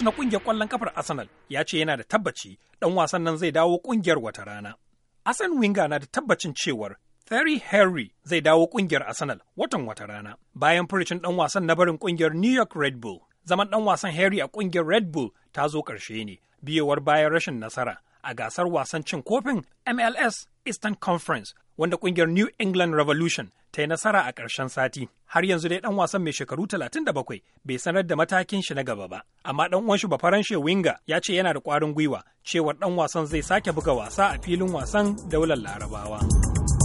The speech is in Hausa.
coach na kungiyar ƙwallon kafar Arsenal ya ce yana da tabbaci ɗan wasan nan zai dawo ƙungiyar wata rana. Asan Winga na da tabbacin cewar Terry Henry zai dawo ƙungiyar Arsenal watan wata rana. Bayan furicin ɗan wasan na barin ƙungiyar New York Red Bull, zaman ɗan wasan Henry a ƙungiyar Red Bull ta zo ƙarshe ne, biyowar bayan rashin nasara a gasar wasan cin kofin MLS Eastern Conference wanda kungiyar New England Revolution ta yi nasara a ƙarshen sati. Har yanzu dai ɗan wasan mai shekaru 37 bai sanar da matakin shi na gaba ba, amma ɗan uwan shi ba faranshe Winga ya ce yana da ƙwarin gwiwa cewar ɗan wasan zai sake buga wasa a filin wasan daular Larabawa.